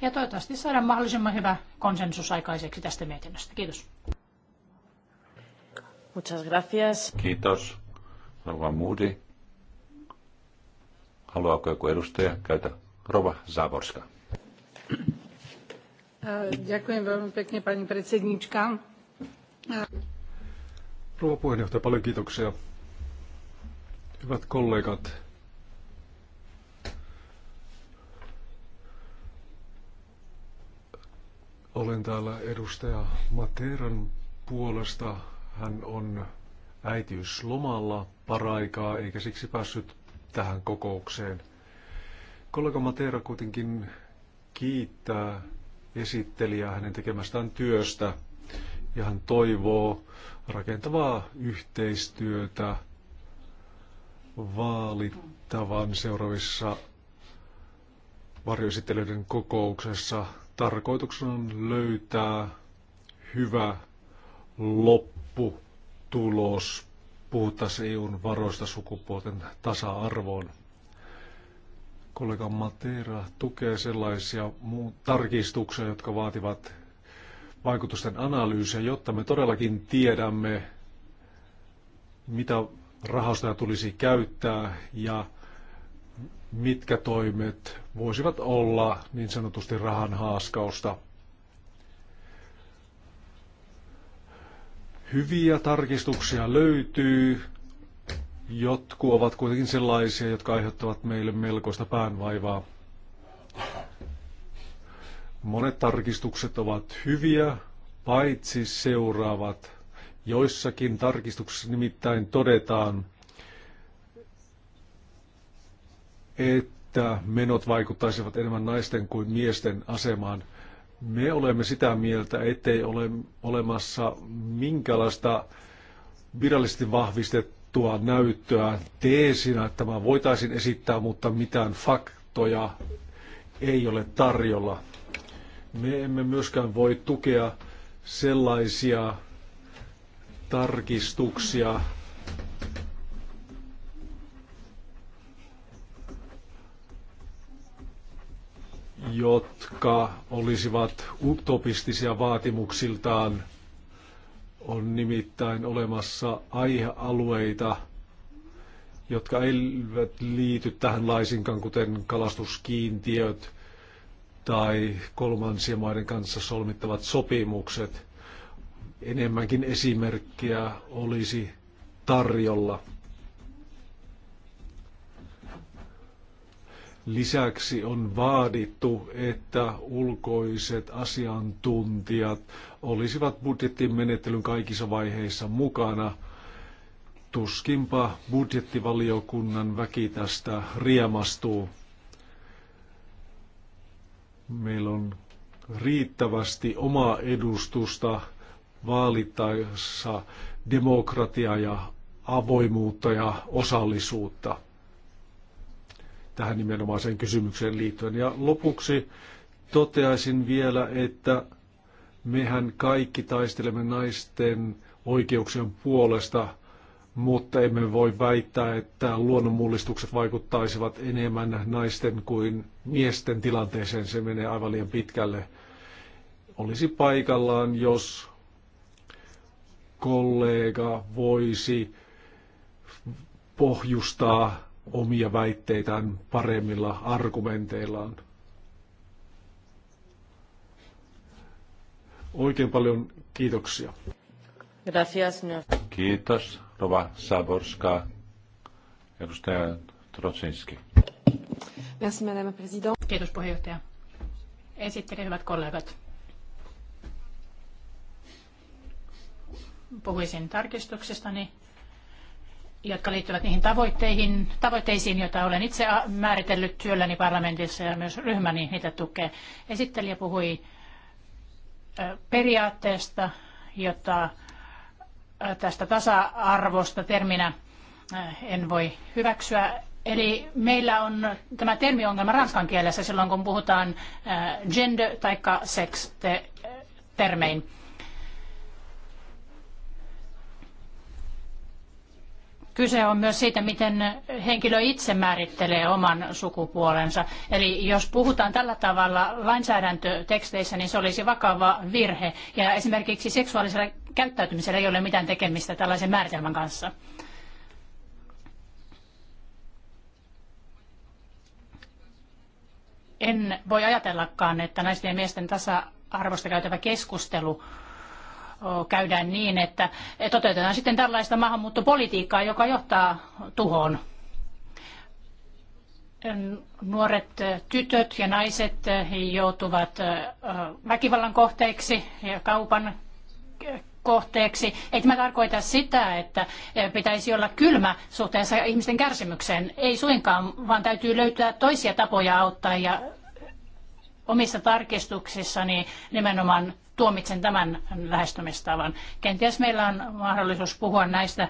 Ja toivottavasti saadaan mahdollisimman hyvä konsensus aikaiseksi tästä mietinnöstä. Kiitos. Muchas gracias. Kiitos. Rova Moody. Haluaako joku edustaja käytä? Rova Zaborska. Dziękuję bardzo pięknie pani prezydniczka. Rouva puheenjohtaja, paljon kiitoksia. Hyvät kollegat, olen täällä edustaja Materan puolesta. Hän on äitiyslomalla paraikaa, eikä siksi päässyt tähän kokoukseen. Kollega Matera kuitenkin kiittää esittelijää hänen tekemästään työstä – ja hän toivoo rakentavaa yhteistyötä vaalittavan seuraavissa varjoesittelyiden kokouksessa. Tarkoituksena on löytää hyvä lopputulos. Puhuttaisiin EUn varoista sukupuolten tasa-arvoon. Kollega Matera tukee sellaisia tarkistuksia, jotka vaativat vaikutusten analyysiä, jotta me todellakin tiedämme, mitä rahastoja tulisi käyttää ja mitkä toimet voisivat olla niin sanotusti rahan haaskausta. Hyviä tarkistuksia löytyy. Jotkut ovat kuitenkin sellaisia, jotka aiheuttavat meille melkoista päänvaivaa. Monet tarkistukset ovat hyviä, paitsi seuraavat. Joissakin tarkistuksissa nimittäin todetaan, että menot vaikuttaisivat enemmän naisten kuin miesten asemaan. Me olemme sitä mieltä, ettei ole olemassa minkälaista virallisesti vahvistettua näyttöä teesinä. Tämä voitaisiin esittää, mutta mitään faktoja ei ole tarjolla. Me emme myöskään voi tukea sellaisia tarkistuksia, jotka olisivat utopistisia vaatimuksiltaan. On nimittäin olemassa aihealueita, jotka eivät liity tähän laisinkaan, kuten kalastuskiintiöt, tai kolmansien maiden kanssa solmittavat sopimukset. Enemmänkin esimerkkiä olisi tarjolla. Lisäksi on vaadittu, että ulkoiset asiantuntijat olisivat budjettimenettelyn kaikissa vaiheissa mukana. Tuskinpa budjettivaliokunnan väki tästä riemastuu. Meillä on riittävästi omaa edustusta vaalittaessa demokratiaa ja avoimuutta ja osallisuutta tähän nimenomaiseen kysymykseen liittyen. Ja lopuksi toteaisin vielä, että mehän kaikki taistelemme naisten oikeuksien puolesta – mutta emme voi väittää, että luonnonmullistukset vaikuttaisivat enemmän naisten kuin miesten tilanteeseen. Se menee aivan liian pitkälle. Olisi paikallaan, jos kollega voisi pohjustaa omia väitteitään paremmilla argumenteillaan. Oikein paljon kiitoksia. Kiitos. Rova Saborska, edustaja Trotsinski. Merci, madame president. Kiitos puheenjohtaja. Esittelijä, hyvät kollegat. Puhuisin tarkistuksestani, jotka liittyvät niihin tavoitteihin, tavoitteisiin, joita olen itse määritellyt työlläni parlamentissa ja myös ryhmäni niitä tukee. Esittelijä puhui periaatteesta, jota tästä tasa-arvosta terminä äh, en voi hyväksyä. Eli meillä on tämä termiongelma ranskan kielessä silloin, kun puhutaan äh, gender- tai sex-termein. Kyse on myös siitä, miten henkilö itse määrittelee oman sukupuolensa. Eli jos puhutaan tällä tavalla lainsäädäntöteksteissä, niin se olisi vakava virhe. Ja esimerkiksi seksuaalisella käyttäytymisellä ei ole mitään tekemistä tällaisen määritelmän kanssa. En voi ajatellakaan, että naisten ja miesten tasa-arvosta käytävä keskustelu Käydään niin, että toteutetaan sitten tällaista maahanmuuttopolitiikkaa, joka johtaa tuhoon. Nuoret tytöt ja naiset joutuvat väkivallan kohteeksi ja kaupan kohteeksi. Ei tämä tarkoita sitä, että pitäisi olla kylmä suhteessa ihmisten kärsimykseen. Ei suinkaan, vaan täytyy löytää toisia tapoja auttaa ja omissa tarkistuksissani nimenomaan tuomitsen tämän lähestymistavan. Kenties meillä on mahdollisuus puhua näistä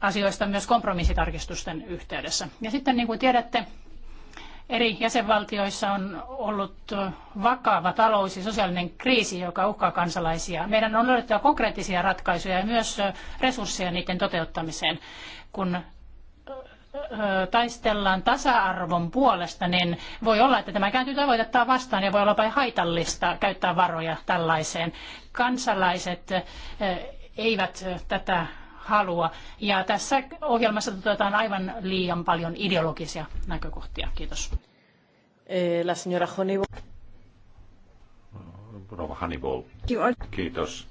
asioista myös kompromissitarkistusten yhteydessä. Ja sitten niin kuin tiedätte, eri jäsenvaltioissa on ollut vakava talous- ja sosiaalinen kriisi, joka uhkaa kansalaisia. Meidän on löydettävä konkreettisia ratkaisuja ja myös resursseja niiden toteuttamiseen. Kun taistellaan tasa-arvon puolesta, niin voi olla, että tämä kääntyy tavoitettaan vastaan ja voi olla haitallista käyttää varoja tällaiseen. Kansalaiset eivät tätä halua. Ja tässä ohjelmassa tuotetaan aivan liian paljon ideologisia näkökohtia. Kiitos. Eh, la señora Honeywell. Rova Kiitos.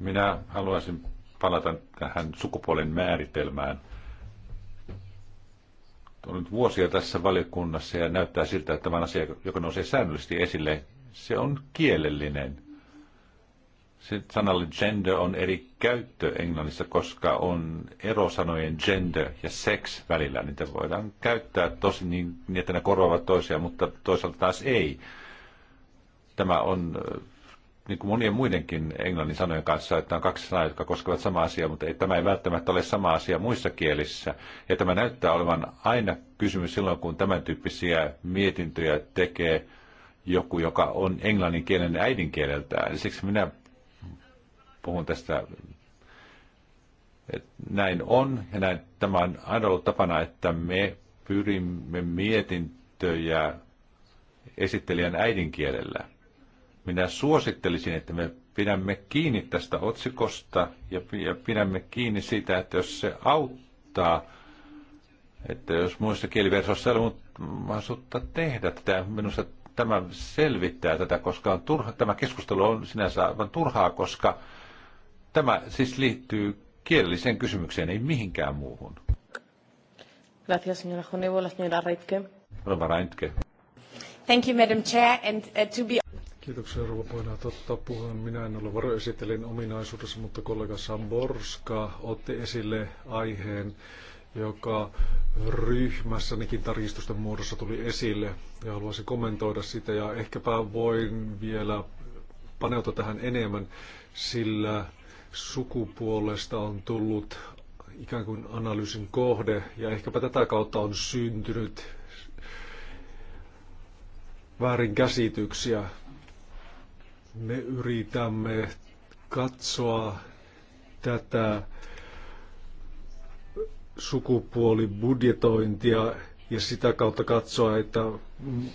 Minä haluaisin palata tähän sukupuolen määritelmään – nyt vuosia tässä valiokunnassa ja näyttää siltä, että tämä asia, joka nousee säännöllisesti esille, se on kielellinen. Se sanalle gender on eri käyttö englannissa, koska on ero sanojen gender ja sex välillä. Niitä voidaan käyttää tosi niin, niin että ne korvaavat toisiaan, mutta toisaalta taas ei. Tämä on niin kuin monien muidenkin englannin sanojen kanssa, että on kaksi sanaa, jotka koskevat samaa asiaa, mutta ei, tämä ei välttämättä ole sama asia muissa kielissä. Ja tämä näyttää olevan aina kysymys silloin, kun tämän tyyppisiä mietintöjä tekee joku, joka on englannin kielen äidinkieleltään. Siksi minä puhun tästä, että näin on, ja näin, tämä on aina ollut tapana, että me pyrimme mietintöjä esittelijän äidinkielellä. Minä suosittelisin, että me pidämme kiinni tästä otsikosta ja pidämme kiinni siitä, että jos se auttaa, että jos muissa kieliversoissa ei ole tehdä tätä, minusta tämä selvittää tätä, koska on turha, tämä keskustelu on sinänsä aivan turhaa, koska tämä siis liittyy kielelliseen kysymykseen, ei mihinkään muuhun. Gracias, señora Honevola, La señora Reitke. Thank you, Madam Chair, and uh, to be Kiitoksia rouva puheenjohtaja puhun. Minä en ole varoesittelin ominaisuudessa, mutta kollega Samborska otti esille aiheen, joka ryhmässänikin tarkistusten muodossa tuli esille ja haluaisin kommentoida sitä ja ehkäpä voin vielä paneutua tähän enemmän, sillä sukupuolesta on tullut ikään kuin analyysin kohde ja ehkäpä tätä kautta on syntynyt väärinkäsityksiä. Me yritämme katsoa tätä sukupuolibudjetointia ja sitä kautta katsoa, että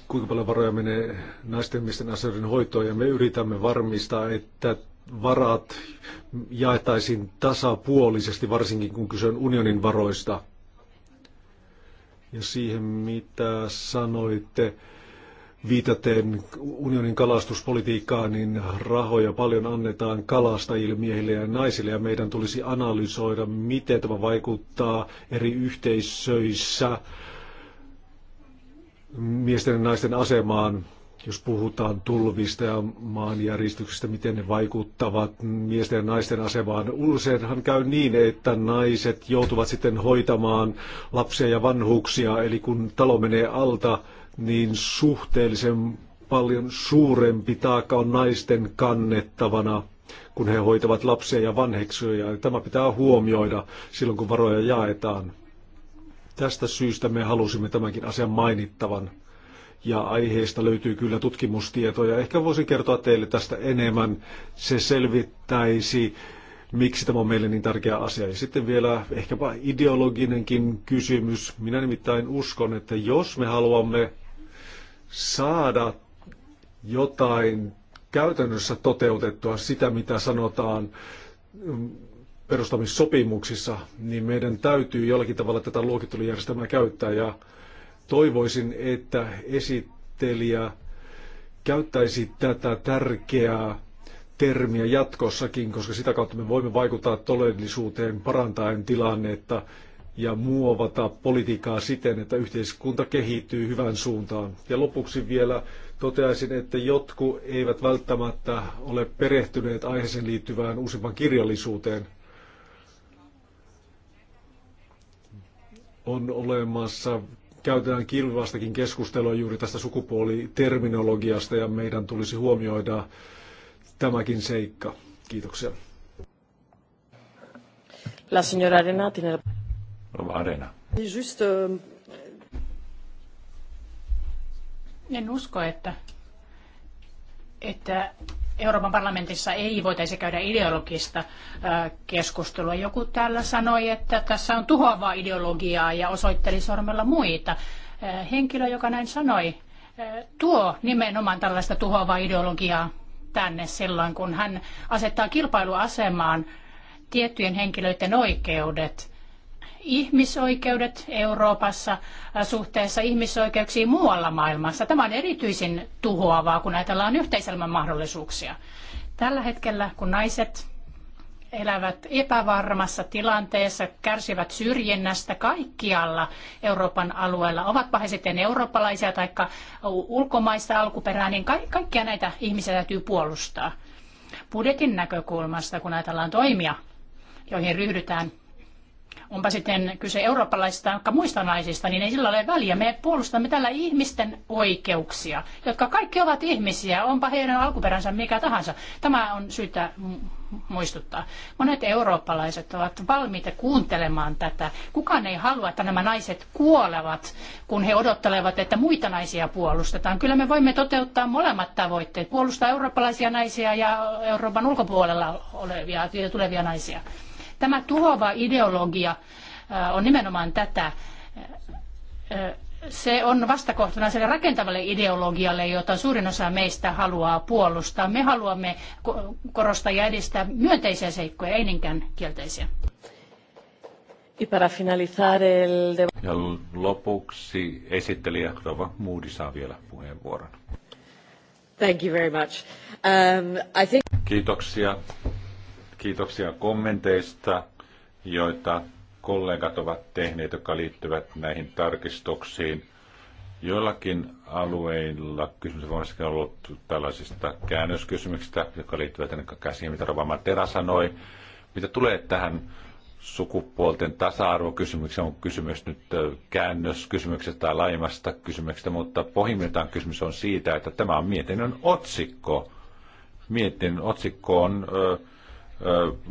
kuinka paljon varoja menee naisten ja miesten asioiden hoitoon. Ja me yritämme varmistaa, että varat jaetaisiin tasapuolisesti, varsinkin kun kyse on unionin varoista. Ja siihen, mitä sanoitte viitaten unionin kalastuspolitiikkaan, niin rahoja paljon annetaan kalastajille, miehille ja naisille, ja meidän tulisi analysoida, miten tämä vaikuttaa eri yhteisöissä miesten ja naisten asemaan, jos puhutaan tulvista ja maanjäristyksistä, miten ne vaikuttavat miesten ja naisten asemaan. Useinhan käy niin, että naiset joutuvat sitten hoitamaan lapsia ja vanhuksia, eli kun talo menee alta, niin suhteellisen paljon suurempi taakka on naisten kannettavana, kun he hoitavat lapsia ja vanheksuja. Tämä pitää huomioida silloin, kun varoja jaetaan. Tästä syystä me halusimme tämänkin asian mainittavan. Ja aiheesta löytyy kyllä tutkimustietoja. Ehkä voisin kertoa teille tästä enemmän. Se selvittäisi, miksi tämä on meille niin tärkeä asia. Ja sitten vielä ehkäpä ideologinenkin kysymys. Minä nimittäin uskon, että jos me haluamme saada jotain käytännössä toteutettua sitä, mitä sanotaan mm, perustamissopimuksissa, niin meidän täytyy jollakin tavalla tätä luokittelujärjestelmää käyttää ja toivoisin, että esittelijä käyttäisi tätä tärkeää termiä jatkossakin, koska sitä kautta me voimme vaikuttaa todellisuuteen parantaen tilannetta ja muovata politiikkaa siten, että yhteiskunta kehittyy hyvän suuntaan. Ja lopuksi vielä toteaisin, että jotkut eivät välttämättä ole perehtyneet aiheeseen liittyvään uusimpaan kirjallisuuteen. On olemassa, käytetään kirvastakin keskustelua juuri tästä sukupuoliterminologiasta ja meidän tulisi huomioida tämäkin seikka. Kiitoksia. La signora Renati. Arena. Just, eh, en usko, että, että Euroopan parlamentissa ei voitaisi käydä ideologista eh, keskustelua. Joku täällä sanoi, että tässä on tuhoavaa ideologiaa ja osoitteli sormella muita. Eh, henkilö, joka näin sanoi, tuo nimenomaan tällaista tuhoavaa ideologiaa tänne silloin, kun hän asettaa kilpailuasemaan tiettyjen henkilöiden oikeudet ihmisoikeudet Euroopassa äh, suhteessa ihmisoikeuksiin muualla maailmassa. Tämä on erityisen tuhoavaa, kun ajatellaan yhteiselämän mahdollisuuksia. Tällä hetkellä, kun naiset elävät epävarmassa tilanteessa, kärsivät syrjinnästä kaikkialla Euroopan alueella, ovatpa he sitten eurooppalaisia tai ulkomaista alkuperää, niin ka- kaikkia näitä ihmisiä täytyy puolustaa. Budjetin näkökulmasta, kun ajatellaan toimia, joihin ryhdytään onpa sitten kyse eurooppalaisista tai muista naisista, niin ei sillä ole väliä. Me puolustamme tällä ihmisten oikeuksia, jotka kaikki ovat ihmisiä, onpa heidän alkuperänsä mikä tahansa. Tämä on syytä muistuttaa. Monet eurooppalaiset ovat valmiita kuuntelemaan tätä. Kukaan ei halua, että nämä naiset kuolevat, kun he odottelevat, että muita naisia puolustetaan. Kyllä me voimme toteuttaa molemmat tavoitteet, puolustaa eurooppalaisia naisia ja Euroopan ulkopuolella olevia tulevia naisia. Tämä tuhova ideologia äh, on nimenomaan tätä. Äh, se on vastakohtana sille rakentavalle ideologialle, jota suurin osa meistä haluaa puolustaa. Me haluamme korostaa ja edistää myönteisiä seikkoja, ei niinkään kielteisiä. Ja lopuksi esittelijä Rova Moody saa vielä puheenvuoron. Thank you very much. Um, I think... Kiitoksia. Kiitoksia kommenteista, joita kollegat ovat tehneet, jotka liittyvät näihin tarkistuksiin. Joillakin alueilla kysymys on ollut tällaisista käännöskysymyksistä, jotka liittyvät ennen kaikkea siihen, mitä Rovama Tera sanoi. Mitä tulee tähän sukupuolten tasa-arvokysymykseen, on kysymys nyt käännöskysymyksestä tai laajemmasta kysymyksestä, mutta pohjimmiltaan kysymys on siitä, että tämä on mietinnön otsikko. Mietinnön otsikko on ö,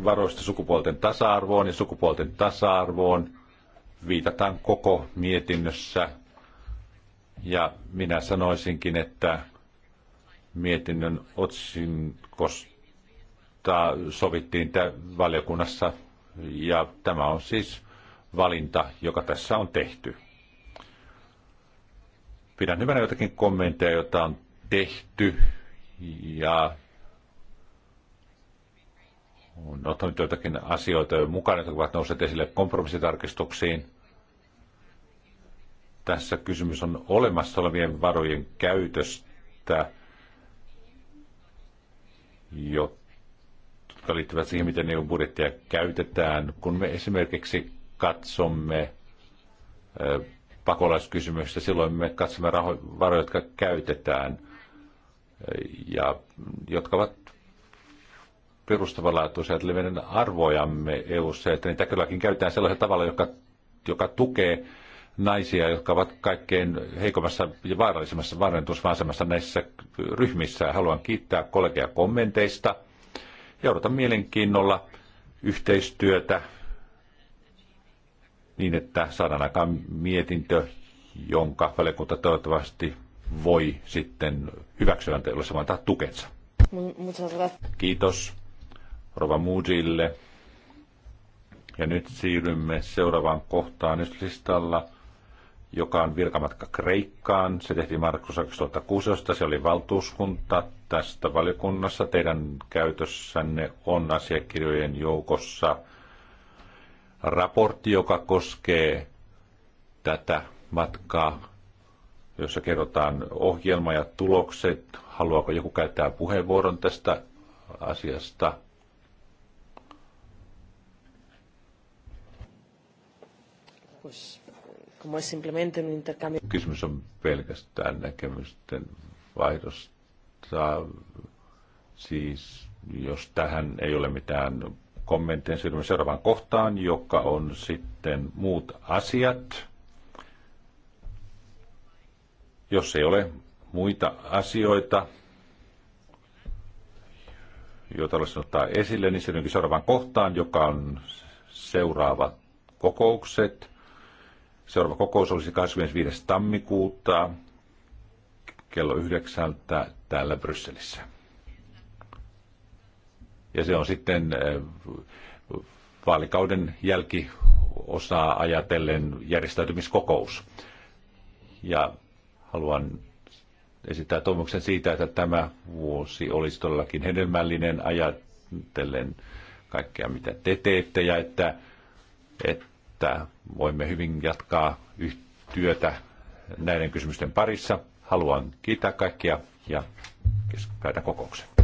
varoista sukupuolten tasa-arvoon ja sukupuolten tasa-arvoon viitataan koko mietinnössä. Ja minä sanoisinkin, että mietinnön otsinkosta sovittiin valiokunnassa ja tämä on siis valinta, joka tässä on tehty. Pidän hyvänä jotakin kommentteja, joita on tehty ja on ottanut joitakin asioita jo mukaan, jotka ovat nousseet esille kompromissitarkistuksiin. Tässä kysymys on olemassa olevien varojen käytöstä, jotka liittyvät siihen, miten EU-budjettia käytetään. Kun me esimerkiksi katsomme pakolaiskysymyksiä, silloin me katsomme varoja, jotka käytetään ja jotka ovat perustavanlaatuisia, että meidän arvojamme EU-ssa, että niitä kylläkin käytetään sellaisella tavalla, joka, joka tukee naisia, jotka ovat kaikkein heikommassa ja vaarallisimmassa vaarantusvansemassa näissä ryhmissä. Haluan kiittää kollegia kommenteista ja odotan mielenkiinnolla yhteistyötä niin, että saadaan aikaan mietintö, jonka valiokunta toivottavasti voi sitten hyväksyä, jolle se antaa tukensa. Kiitos. Rova Moodille. Ja nyt siirrymme seuraavaan kohtaan nyt listalla, joka on virkamatka Kreikkaan. Se tehtiin marraskuussa 2016. Se oli valtuuskunta tästä valiokunnassa. Teidän käytössänne on asiakirjojen joukossa raportti, joka koskee tätä matkaa, jossa kerrotaan ohjelma ja tulokset. Haluaako joku käyttää puheenvuoron tästä asiasta? pues, como es simplemente un intercambio. Kysymys on pelkästään näkemysten vaihdosta. Siis jos tähän ei ole mitään kommentteja, siirrymme seuraavaan kohtaan, joka on sitten muut asiat. Jos ei ole muita asioita, joita olisi ottaa esille, niin siirrynkin seuraavaan kohtaan, joka on seuraavat kokoukset – Seuraava kokous olisi 25. tammikuuta kello yhdeksältä täällä Brysselissä. Ja se on sitten eh, vaalikauden jälkiosaa ajatellen järjestäytymiskokous. Ja haluan esittää toivomuksen siitä, että tämä vuosi olisi todellakin hedelmällinen ajatellen kaikkea, mitä te teette, ja että, että että voimme hyvin jatkaa työtä näiden kysymysten parissa. Haluan kiittää kaikkia ja päätän kokouksen.